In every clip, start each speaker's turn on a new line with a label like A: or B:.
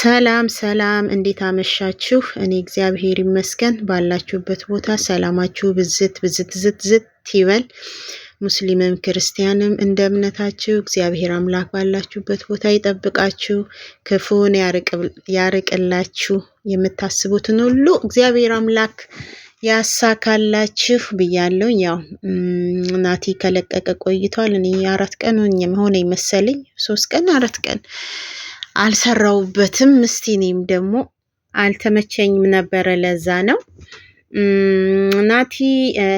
A: ሰላም ሰላም፣ እንዴት አመሻችሁ? እኔ እግዚአብሔር ይመስገን። ባላችሁበት ቦታ ሰላማችሁ ብዝት ብዝት ዝት ዝት ይበል። ሙስሊምም ክርስቲያንም እንደ እምነታችሁ እግዚአብሔር አምላክ ባላችሁበት ቦታ ይጠብቃችሁ፣ ክፉን ያርቅላችሁ፣ የምታስቡትን ሁሉ እግዚአብሔር አምላክ ያሳካላችሁ ብያለሁ። ያው ናቲ ከለቀቀ ቆይቷል። እኔ አራት ቀን ሆነ መሰለኝ ሶስት ቀን አራት ቀን አልሰራውበትም። እስቲ እኔም ደግሞ አልተመቸኝም ነበረ። ለዛ ነው ናቲ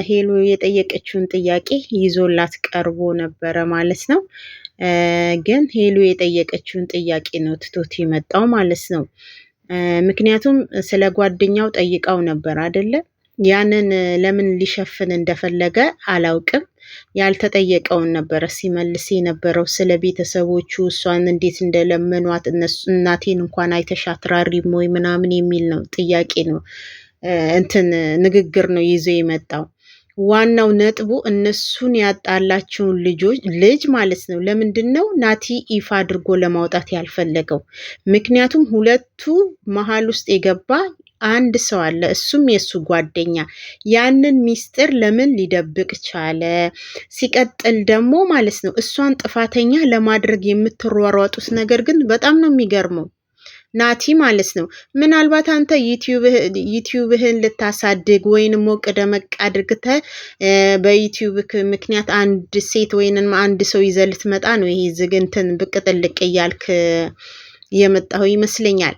A: ሄሎ የጠየቀችውን ጥያቄ ይዞላት ቀርቦ ነበረ ማለት ነው። ግን ሄሎ የጠየቀችውን ጥያቄ ነው ትቶት የመጣው ማለት ነው። ምክንያቱም ስለ ጓደኛው ጠይቃው ነበር አይደለም ያንን ለምን ሊሸፍን እንደፈለገ አላውቅም። ያልተጠየቀውን ነበረ ሲመልስ የነበረው ስለ ቤተሰቦቹ፣ እሷን እንዴት እንደለመኗት እናቴን እንኳን አይተሻትራሪም አትራሪም ወይ ምናምን የሚል ነው ጥያቄ ነው እንትን ንግግር ነው ይዞ የመጣው። ዋናው ነጥቡ እነሱን ያጣላቸውን ልጆች ልጅ ማለት ነው። ለምንድን ነው ናቲ ይፋ አድርጎ ለማውጣት ያልፈለገው? ምክንያቱም ሁለቱ መሀል ውስጥ የገባ አንድ ሰው አለ፣ እሱም የእሱ ጓደኛ። ያንን ሚስጥር ለምን ሊደብቅ ቻለ? ሲቀጥል ደግሞ ማለት ነው እሷን ጥፋተኛ ለማድረግ የምትሯሯጡት ነገር ግን በጣም ነው የሚገርመው ናቲ ማለት ነው። ምናልባት አንተ ዩቲዩብህን ልታሳድግ ወይንም ሞቅ ደመቅ አድርግተ በዩቲዩብ ምክንያት አንድ ሴት ወይንም አንድ ሰው ይዘልት መጣ ነው። ይሄ ዝግንትን ብቅ ጥልቅ እያልክ የመጣኸው ይመስለኛል።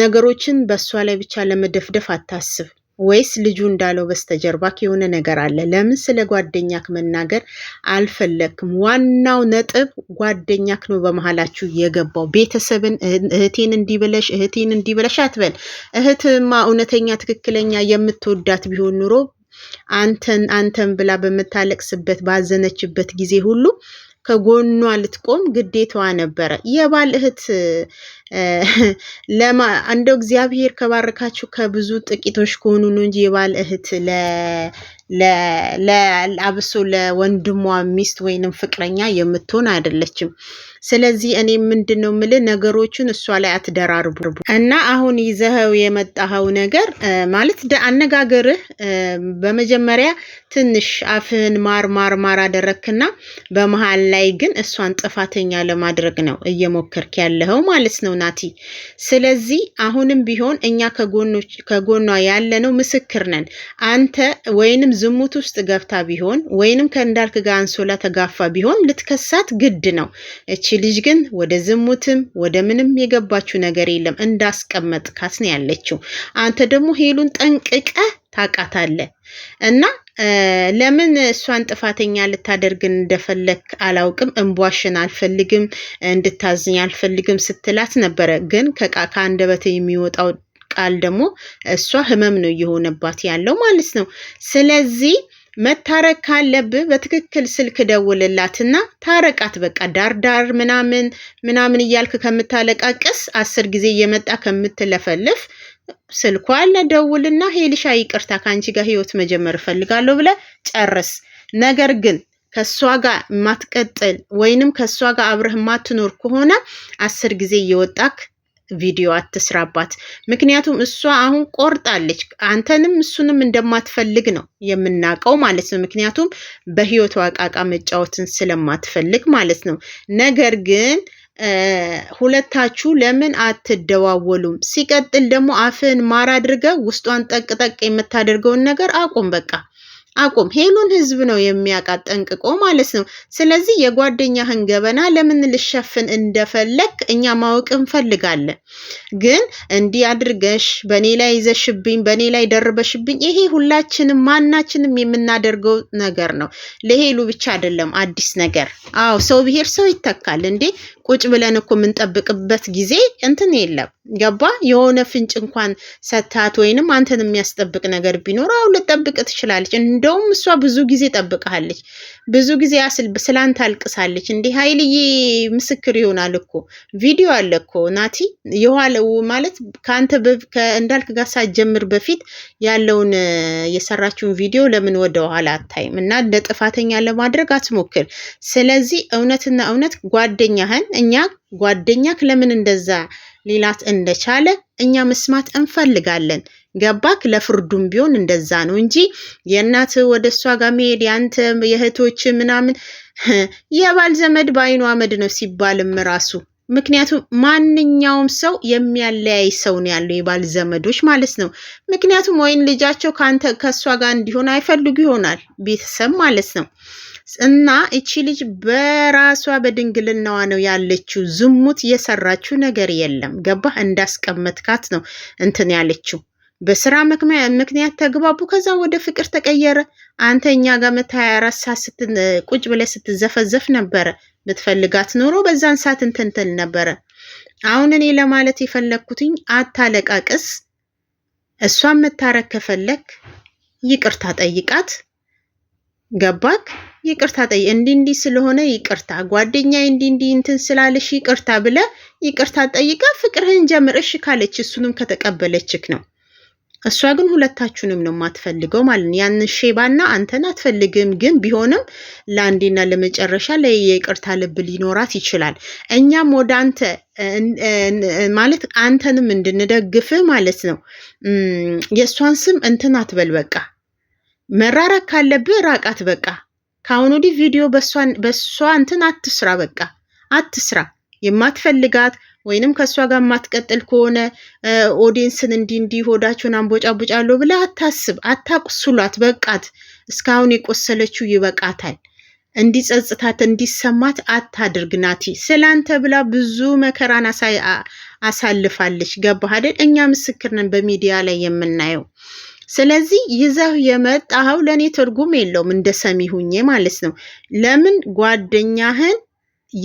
A: ነገሮችን በእሷ ላይ ብቻ ለመደፍደፍ አታስብ። ወይስ ልጁ እንዳለው በስተጀርባክ የሆነ ነገር አለ? ለምን ስለ ጓደኛክ መናገር አልፈለክም? ዋናው ነጥብ ጓደኛክ ነው በመሀላችሁ የገባው። ቤተሰብን እህቴን እንዲብለሽ እህቴን እንዲብለሽ አትበል። እህትማ እውነተኛ ትክክለኛ የምትወዳት ቢሆን ኑሮ አንተን አንተን ብላ በምታለቅስበት ባዘነችበት ጊዜ ሁሉ ከጎኗ ልትቆም ግዴታዋ ነበረ። የባል እህት ለማ እንደው እግዚአብሔር ከባረካችሁ ከብዙ ጥቂቶች ከሆኑ ነው እንጂ የባል እህት ለአብሶ ለወንድሟ ሚስት ወይንም ፍቅረኛ የምትሆን አይደለችም። ስለዚህ እኔ ምንድን ነው የምልህ ነገሮቹን እሷ ላይ አትደራርቡ እና አሁን ይዘኸው የመጣኸው ነገር ማለት አነጋገርህ በመጀመሪያ ትንሽ አፍህን ማር ማር ማር አደረክና በመሀል ላይ ግን እሷን ጥፋተኛ ለማድረግ ነው እየሞከርክ ያለኸው ማለት ነው ናቲ። ስለዚህ አሁንም ቢሆን እኛ ከጎኗ ያለነው ምስክር ነን። አንተ ወይንም ዝሙት ውስጥ ገብታ ቢሆን ወይንም ከእንዳልክ ጋር አንሶላ ተጋፋ ቢሆን ልትከሳት ግድ ነው። ልጅ ግን ወደ ዝሙትም ወደ ምንም የገባችው ነገር የለም። እንዳስቀመጥ ካስን ያለችው። አንተ ደግሞ ሄሉን ጠንቅቀ ታቃታለ እና ለምን እሷን ጥፋተኛ ልታደርግን እንደፈለግ አላውቅም። እንቧሽን አልፈልግም፣ እንድታዝኝ አልፈልግም ስትላት ነበረ። ግን ከአንደበት የሚወጣው ቃል ደግሞ እሷ ህመም ነው እየሆነባት ያለው ማለት ነው። ስለዚህ መታረቅ ካለብህ በትክክል ስልክ ደውልላትና ታረቃት። በቃ ዳርዳር ምናምን ምናምን እያልክ ከምታለቃቅስ አስር ጊዜ እየመጣ ከምትለፈልፍ ስልኳ ደውልና፣ ሄልሻ ይቅርታ፣ ከአንቺ ጋር ህይወት መጀመር እፈልጋለሁ ብለ ጨርስ። ነገር ግን ከእሷ ጋር የማትቀጥል ወይንም ከእሷ ጋር አብረህ የማትኖር ከሆነ አስር ጊዜ እየወጣክ ቪዲዮ አትስራባት። ምክንያቱም እሷ አሁን ቆርጣለች፣ አንተንም እሱንም እንደማትፈልግ ነው የምናውቀው ማለት ነው። ምክንያቱም በህይወቷ አቃቃ መጫወትን ስለማትፈልግ ማለት ነው። ነገር ግን ሁለታችሁ ለምን አትደዋወሉም? ሲቀጥል ደግሞ አፍን ማር አድርገህ ውስጧን ጠቅጠቅ የምታደርገውን ነገር አቁም በቃ። አቁም። ሄሉን ህዝብ ነው የሚያውቃት ጠንቅቆ ማለት ነው። ስለዚህ የጓደኛህን ገበና ለምን ልሸፍን እንደፈለግ እኛ ማወቅ እንፈልጋለን። ግን እንዲህ አድርገሽ በእኔ ላይ ይዘሽብኝ፣ በእኔ ላይ ደርበሽብኝ፣ ይሄ ሁላችንም ማናችንም የምናደርገው ነገር ነው። ለሄሉ ብቻ አይደለም አዲስ ነገር። አዎ ሰው ብሔር ሰው ይተካል እንዴ ቁጭ ብለን እኮ የምንጠብቅበት ጊዜ እንትን የለም። ገባ? የሆነ ፍንጭ እንኳን ሰታት ወይንም አንተን የሚያስጠብቅ ነገር ቢኖር አሁን ልጠብቅ ትችላለች። እንደውም እሷ ብዙ ጊዜ ጠብቀሃለች። ብዙ ጊዜ ስላንተ አልቅሳለች። እንዲህ ሀይልዬ ምስክር ይሆናል እኮ ቪዲዮ አለ እኮ ናቲ የኋለው ማለት ከአንተ እንዳልክ ጋር ሳትጀምር በፊት ያለውን የሰራችውን ቪዲዮ ለምን ወደ ኋላ አታይም? እና እንደ ጥፋተኛ ለማድረግ አትሞክር። ስለዚህ እውነትና እውነት ጓደኛህን እኛ ጓደኛክ ለምን እንደዛ ሊላት እንደቻለ እኛ መስማት እንፈልጋለን። ገባክ? ለፍርዱም ቢሆን እንደዛ ነው እንጂ የእናት ወደ እሷ ጋር መሄድ ያንተ የእህቶች ምናምን የባል ዘመድ በአይኑ አመድ ነው ሲባልም ራሱ ምክንያቱም ማንኛውም ሰው የሚያለያይ ሰው ነው ያለው የባል ዘመዶች ማለት ነው። ምክንያቱም ወይን ልጃቸው ከአንተ ከእሷ ጋር እንዲሆን አይፈልጉ ይሆናል ቤተሰብ ማለት ነው። እና እቺ ልጅ በራሷ በድንግልናዋ ነው ያለችው። ዝሙት የሰራችው ነገር የለም። ገባህ? እንዳስቀመጥካት ነው እንትን ያለችው። በስራ ምክንያት ተግባቡ። ከዛ ወደ ፍቅር ተቀየረ። አንተ እኛ ጋር መታ ቁጭ ብለ ስትዘፈዘፍ ነበረ። ብትፈልጋት ኖሮ በዛን ሰዓት እንትንትል ነበረ። አሁን እኔ ለማለት የፈለግኩትኝ አታለቃቅስ። እሷን መታረቅ ከፈለግ ይቅርታ ጠይቃት። ገባክ? ይቅርታ ጠይ እንዲ እንዲ ስለሆነ ይቅርታ ጓደኛ እንዲ እንዲ እንትን ስላለሽ ይቅርታ ብለ ይቅርታ ጠይቀ ፍቅርህን ጀምርሽ ካለች እሱንም ከተቀበለችክ ነው። እሷ ግን ሁለታችሁንም ነው የማትፈልገው ማለት ነው። ያንን ሼባና አንተን አትፈልግም። ግን ቢሆንም ለአንዴና ለመጨረሻ ላይ ልብ ሊኖራት ይችላል። እኛም ወደ አንተ ማለት አንተንም እንድንደግፍ ማለት ነው። የእሷን ስም እንትን አትበል። በቃ መራራቅ ካለብህ ራቃት በቃ ከአሁን ወዲህ ቪዲዮ በእሷ እንትን አትስራ፣ በቃ አትስራ። የማትፈልጋት ወይንም ከእሷ ጋር የማትቀጥል ከሆነ ኦዲየንስን እንዲ እንዲ ሆዳቸውን አንቦጫቦጫለሁ ብላ አታስብ፣ አታቁስሏት። በቃት፣ እስካሁን የቆሰለችው ይበቃታል። እንዲጸጽታት እንዲሰማት አታድርግ። ናቲ ስላንተ ብላ ብዙ መከራን አሳልፋለች። ገባህ አይደል? እኛ ምስክር ነን በሚዲያ ላይ የምናየው ስለዚህ ይዘህ የመጣኸው ለእኔ ትርጉም የለውም እንደ ሰሚ ሁኜ ማለት ነው። ለምን ጓደኛህን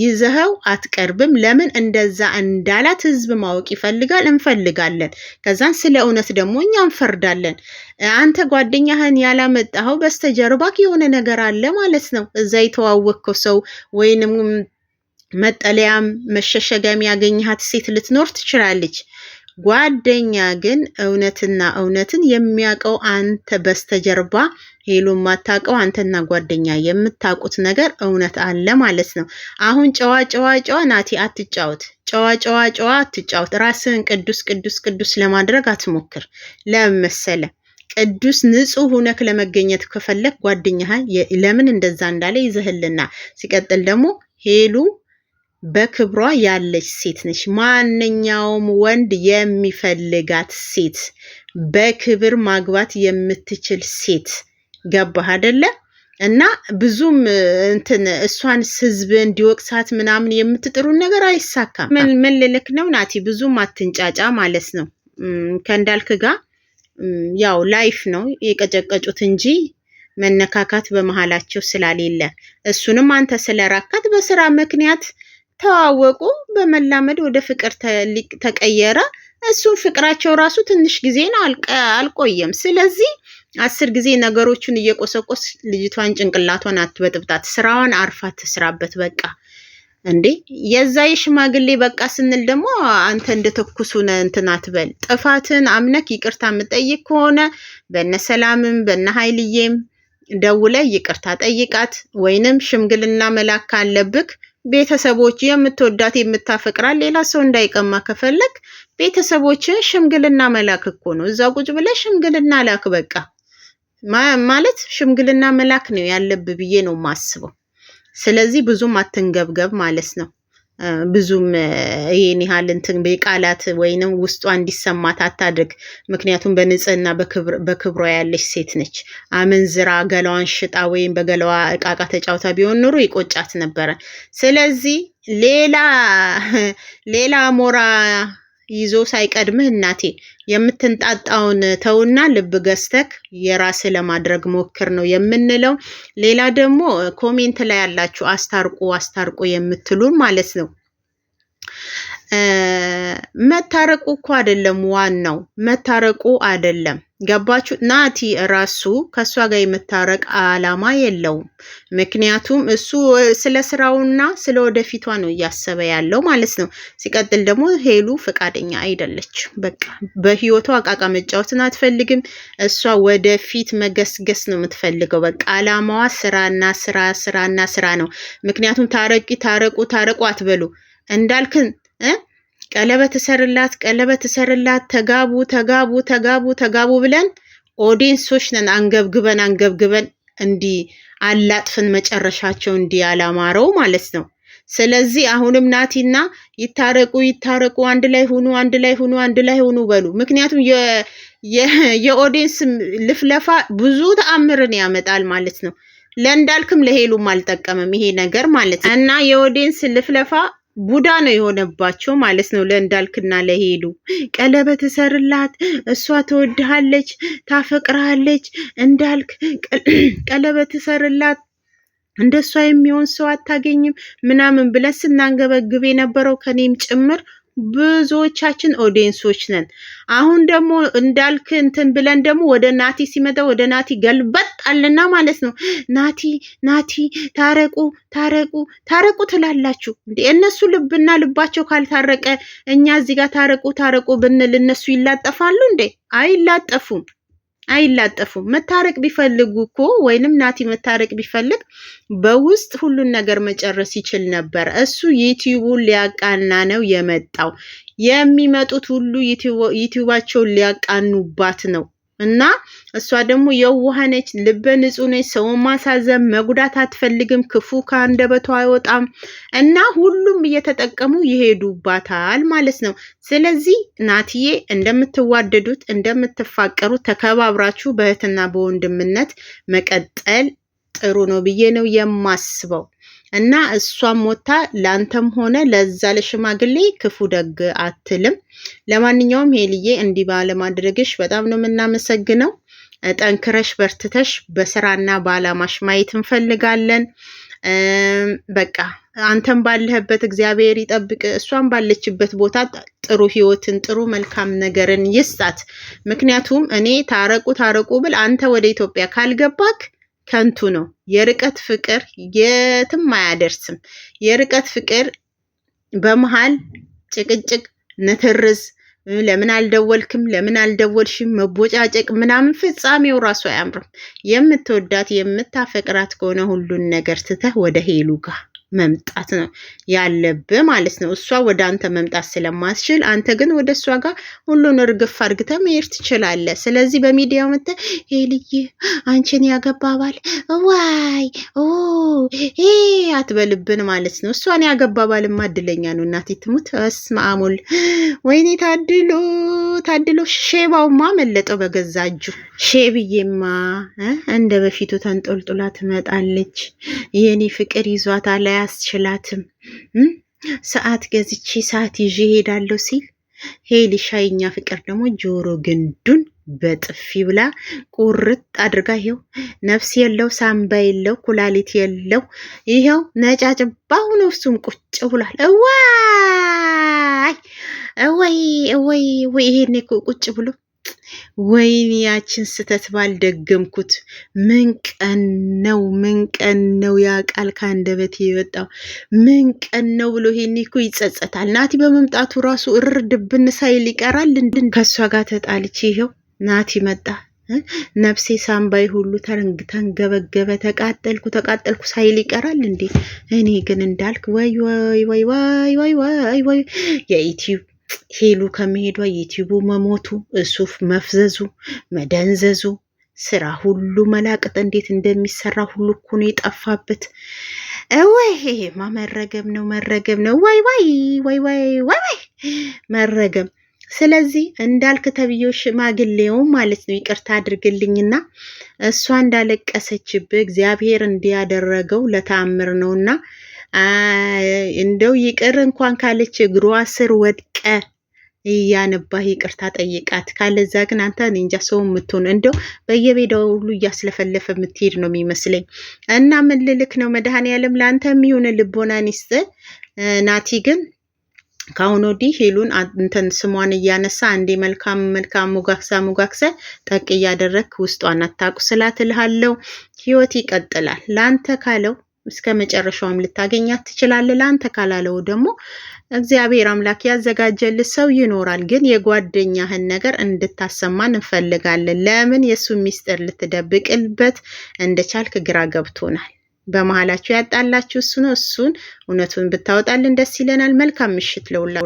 A: ይዘኸው አትቀርብም? ለምን እንደዛ እንዳላት ህዝብ ማወቅ ይፈልጋል፣ እንፈልጋለን። ከዛን ስለ እውነት ደግሞ እኛ እንፈርዳለን። አንተ ጓደኛህን ያላመጣኸው በስተጀርባክ የሆነ ነገር አለ ማለት ነው። እዛ የተዋወቅከው ሰው ወይንም መጠለያም መሸሸጊያ የሚያገኝሃት ሴት ልትኖር ትችላለች። ጓደኛ ግን እውነትና እውነትን የሚያውቀው አንተ በስተጀርባ ሄሉ የማታውቀው አንተና ጓደኛ የምታውቁት ነገር እውነት አለ ማለት ነው። አሁን ጨዋ ጨዋ ጨዋ ናቲ አትጫወት፣ ጨዋ ጨዋ ጨዋ አትጫወት። ራስህን ቅዱስ ቅዱስ ቅዱስ ለማድረግ አትሞክር። ለመሰለ ቅዱስ ንጹህ ሁነክ ለመገኘት ከፈለክ ጓደኛህ ለምን እንደዛ እንዳለ ይዘህልና ሲቀጥል ደግሞ ሄሉ በክብሯ ያለች ሴት ነች። ማንኛውም ወንድ የሚፈልጋት ሴት በክብር ማግባት የምትችል ሴት ገባህ አይደለ? እና ብዙም እንትን እሷን ህዝብ እንዲወቅሳት ምናምን የምትጥሩን ነገር አይሳካም። ምን ልልክ ነው ናቲ፣ ብዙም አትንጫጫ ማለት ነው ከእንዳልክ ጋር ያው ላይፍ ነው የቀጨቀጩት እንጂ መነካካት በመሃላቸው ስላሌለ እሱንም አንተ ስለራካት በስራ ምክንያት ተዋወቁ፣ በመላመድ ወደ ፍቅር ተቀየረ። እሱም ፍቅራቸው ራሱ ትንሽ ጊዜ ነው አልቆየም። ስለዚህ አስር ጊዜ ነገሮቹን እየቆሰቆስ ልጅቷን ጭንቅላቷን አትበጥብጣት፣ ስራዋን አርፋ ትስራበት። በቃ እንዴ የዛ የሽማግሌ በቃ ስንል ደግሞ አንተ እንደ ተኩሱ ነህ እንትን አትበል። ጥፋትን አምነክ ይቅርታ የምጠይቅ ከሆነ በነ ሰላምም በነ ሀይልዬም ደውለ ይቅርታ ጠይቃት፣ ወይንም ሽምግልና መላክ ካለብክ ቤተሰቦች የምትወዳት የምታፈቅራት ሌላ ሰው እንዳይቀማ ከፈለግ ቤተሰቦችን ሽምግልና መላክ እኮ ነው። እዛ ቁጭ ብለህ ሽምግልና ላክ። በቃ ማለት ሽምግልና መላክ ነው ያለብህ ብዬ ነው የማስበው። ስለዚህ ብዙም አትንገብገብ ማለት ነው። ብዙም ይህን ያህል እንትን በቃላት ወይንም ውስጧ እንዲሰማት አታድርግ። ምክንያቱም በንጽህና በክብሯ ያለች ሴት ነች። አመንዝራ ገላዋን ሽጣ ወይም በገላዋ እቃቃ ተጫውታ ቢሆን ኑሮ ይቆጫት ነበረ። ስለዚህ ሌላ ሌላ ሞራ ይዞ ሳይቀድምህ እናቴ የምትንጣጣውን ተውና ልብ ገዝተክ የራስ ለማድረግ ሞክር ነው የምንለው። ሌላ ደግሞ ኮሜንት ላይ ያላችሁ አስታርቁ አስታርቁ የምትሉ ማለት ነው። መታረቁ እኮ አይደለም ዋናው፣ መታረቁ አይደለም ገባችሁ? ናቲ ራሱ ከእሷ ጋር የምታረቅ አላማ የለውም። ምክንያቱም እሱ ስለ ስራውና ስለ ወደፊቷ ነው እያሰበ ያለው ማለት ነው። ሲቀጥል ደግሞ ሄሉ ፈቃደኛ አይደለች። በቃ በህይወቷ አቃቃ መጫወትን አትፈልግም። እሷ ወደፊት መገስገስ ነው የምትፈልገው። በቃ አላማዋ ስራና ስራ ስራና ስራ ነው። ምክንያቱም ታረቂ፣ ታረቁ፣ ታረቁ አትበሉ እንዳልክን ቀለበት እሰርላት ቀለበት እሰርላት ተጋቡ ተጋቡ ተጋቡ ተጋቡ ብለን ኦዲንሶች ነን አንገብግበን አንገብግበን እንዲህ አላጥፍን መጨረሻቸው እንዲህ ያላማረው ማለት ነው። ስለዚህ አሁንም ናቲና ይታረቁ ይታረቁ፣ አንድ ላይ ሁኑ፣ አንድ ላይ ሁኑ፣ አንድ ላይ ሁኑ በሉ። ምክንያቱም የኦዲንስ ልፍለፋ ብዙ ተአምርን ያመጣል ማለት ነው። ለእንዳልክም ለሄሉም አልጠቀመም ይሄ ነገር ማለት ነው እና የኦዲንስ ልፍለፋ ቡዳ ነው የሆነባቸው ማለት ነው። ለእንዳልክና ለሄሉ ቀለበት እሰርላት፣ እሷ ትወድሃለች፣ ታፈቅርሃለች። እንዳልክ ቀለበት እሰርላት እንደሷ የሚሆን ሰው አታገኝም ምናምን ብለን ስናንገበግብ የነበረው ከኔም ጭምር ብዙዎቻችን ኦዲየንሶች ነን። አሁን ደግሞ እንዳልክ እንትን ብለን ደግሞ ወደ ናቲ ሲመጣ ወደ ናቲ ገልበጥ አለና ማለት ነው። ናቲ ናቲ ታረቁ ታረቁ ታረቁ ትላላችሁ እነሱ ልብና ልባቸው ካልታረቀ እኛ እዚህ ጋር ታረቁ ታረቁ ብንል እነሱ ይላጠፋሉ እንዴ? አይላጠፉም። አይላጠፉም። መታረቅ ቢፈልጉ እኮ ወይንም ናቲ መታረቅ ቢፈልግ በውስጥ ሁሉን ነገር መጨረስ ይችል ነበር። እሱ ዩቲዩቡን ሊያቃና ነው የመጣው። የሚመጡት ሁሉ ዩቲዩባቸውን ሊያቃኑባት ነው። እና እሷ ደግሞ የዋህ ነች፣ ልበ ንጹህ ነች። ሰውን ማሳዘን መጉዳት አትፈልግም። ክፉ ከአንደበቷ አይወጣም እና ሁሉም እየተጠቀሙ ይሄዱባታል ማለት ነው። ስለዚህ ናትዬ እንደምትዋደዱት እንደምትፋቀሩት ተከባብራችሁ በእህትና በወንድምነት መቀጠል ጥሩ ነው ብዬ ነው የማስበው። እና እሷም ሞታ ለአንተም ሆነ ለዛ ለሽማግሌ ክፉ ደግ አትልም። ለማንኛውም ሄልዬ እንዲህ ባለማድረግሽ በጣም ነው የምናመሰግነው። ጠንክረሽ በርትተሽ በስራና በአላማሽ ማየት እንፈልጋለን። በቃ አንተም ባለህበት እግዚአብሔር ይጠብቅ፣ እሷም ባለችበት ቦታ ጥሩ ህይወትን ጥሩ መልካም ነገርን ይስጣት። ምክንያቱም እኔ ታረቁ ታረቁ ብል አንተ ወደ ኢትዮጵያ ካልገባክ ከንቱ ነው። የርቀት ፍቅር የትም አያደርስም። የርቀት ፍቅር በመሃል ጭቅጭቅ፣ ንትርዝ፣ ለምን አልደወልክም፣ ለምን አልደወልሽም፣ መቦጫጨቅ ምናምን ፍጻሜው ራሱ አያምርም። የምትወዳት የምታፈቅራት ከሆነ ሁሉን ነገር ትተህ ወደ ሄሉ ጋር መምጣት ነው ያለብ ማለት ነው። እሷ ወደ አንተ መምጣት ስለማትችል አንተ ግን ወደ እሷ ጋር ሁሉን እርግፍ አድርግተህ መሄድ ትችላለ ስለዚህ በሚዲያው መጥተህ ሄልዬ አንቺን ያገባ ባል ዋይ አትበልብን ማለት ነው። እሷን ያገባ ባልማ እድለኛ ነው። እናቴ ትሙት። እስመ አብ ወይኔ ታድሎ ታድሎ። ሼባውማ መለጠው በገዛ እጁ። ሼብዬማ እንደ በፊቱ ተንጦልጡላ ትመጣለች። የኔ ፍቅር ይዟታል አስችላትም። ሰዓት ገዝቼ ሰዓት ይዤ ሄዳለሁ ሲል ሄ የኛ ፍቅር ደግሞ ጆሮ ግንዱን በጥፊ ብላ ቁርጥ አድርጋ ይኸው ነፍስ የለው ሳምባ የለው ኩላሊት የለው ይኸው ነጫጭባው ነው። እሱም ቁጭ ብሏል። እዋይ እወይ እወይ ወይ ይሄኔ ቁጭ ብሎ ወይኔ ያችን ስተት ባልደገምኩት። ምን ቀን ነው ምን ቀን ነው ያ ቃል ከአንደበት የወጣው? ምን ቀን ነው ብሎ ይሄኔ እኮ ይጸጸታል። ናቲ በመምጣቱ ራሱ እርር ድብን ሳይል ይቀራል። እንድን ከእሷ ጋር ተጣልቼ ይኸው ናቲ መጣ። ነፍሴ ሳምባይ ሁሉ ተንገበገበ። ተቃጠልኩ ተቃጠልኩ ሳይል ይቀራል እንዴ? እኔ ግን እንዳልክ ወይ ወይ ወይ ወይ ወይ ወይ ወይ የዩቲዩብ ሄሉ ከመሄዷ ዩቲዩቡ መሞቱ፣ እሱ መፍዘዙ፣ መደንዘዙ፣ ስራ ሁሉ መላቅጥ እንዴት እንደሚሰራ ሁሉ እኮ ነው የጠፋበት። ወይ ማ መረገም ነው መረገም ነው ወይ ወይ ወይ ወይ ወይ ወይ መረገም ስለዚህ እንዳልክ ተብዬው ሽማግሌው ማለት ነው ይቅርታ አድርግልኝና እሷ እንዳለቀሰችብህ እግዚአብሔር እንዲያደረገው ለተአምር ነውና እንደው ይቅር እንኳን ካለች እግሯ ስር ወድቀ እያነባህ ይቅርታ ጠይቃት። ካለዛ ግን አንተ እንጃ ሰው የምትሆን እንደው በየቤዳው ሁሉ እያስለፈለፈ የምትሄድ ነው የሚመስለኝ። እና ምን ልልክ ነው መድኃኔ ዓለም ለአንተ የሚሆን ልቦናን ይስጥ። ናቲ ግን ከአሁን ወዲህ ሄሉን እንትን ስሟን እያነሳ እንዴ መልካም መልካም ሙጋክሳ ሙጋክሰ ጠቅ እያደረግ ውስጧን አታቁስላት እልሃለሁ። ህይወት ይቀጥላል። ለአንተ ካለው እስከ መጨረሻውም ልታገኛት ትችላለህ። ለአንተ ካላለው ደግሞ እግዚአብሔር አምላክ ያዘጋጀልህ ሰው ይኖራል። ግን የጓደኛህን ነገር እንድታሰማን እንፈልጋለን። ለምን የእሱ ሚስጥር ልትደብቅልበት እንደቻልክ ግራ ገብቶናል። በመሀላችሁ ያጣላችሁ እሱ ነው። እሱን እውነቱን ብታወጣልን ደስ ይለናል። መልካም ምሽት ለውላ